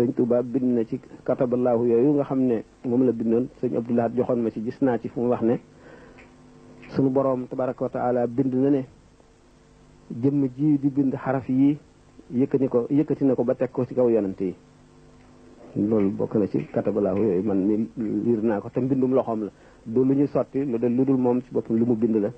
sëñ Touba bind na ci kataballaahu yooyu nga xam ne moom la bindoon sëñ Abdoulahat joxoon ma ci gis naa ci fu mu wax ne sunu boroom tabaraka wa bind na ne jëmm ji di bind xaraf yi yëkkati ko yëkkati na ko ba teg ko ci kaw yonante yi loolu bokk na ci kataballaahu yooyu man ni liir naa ko te mbindum loxoom la du lu ñuy sotti lu dul moom ci boppam lu mu bind la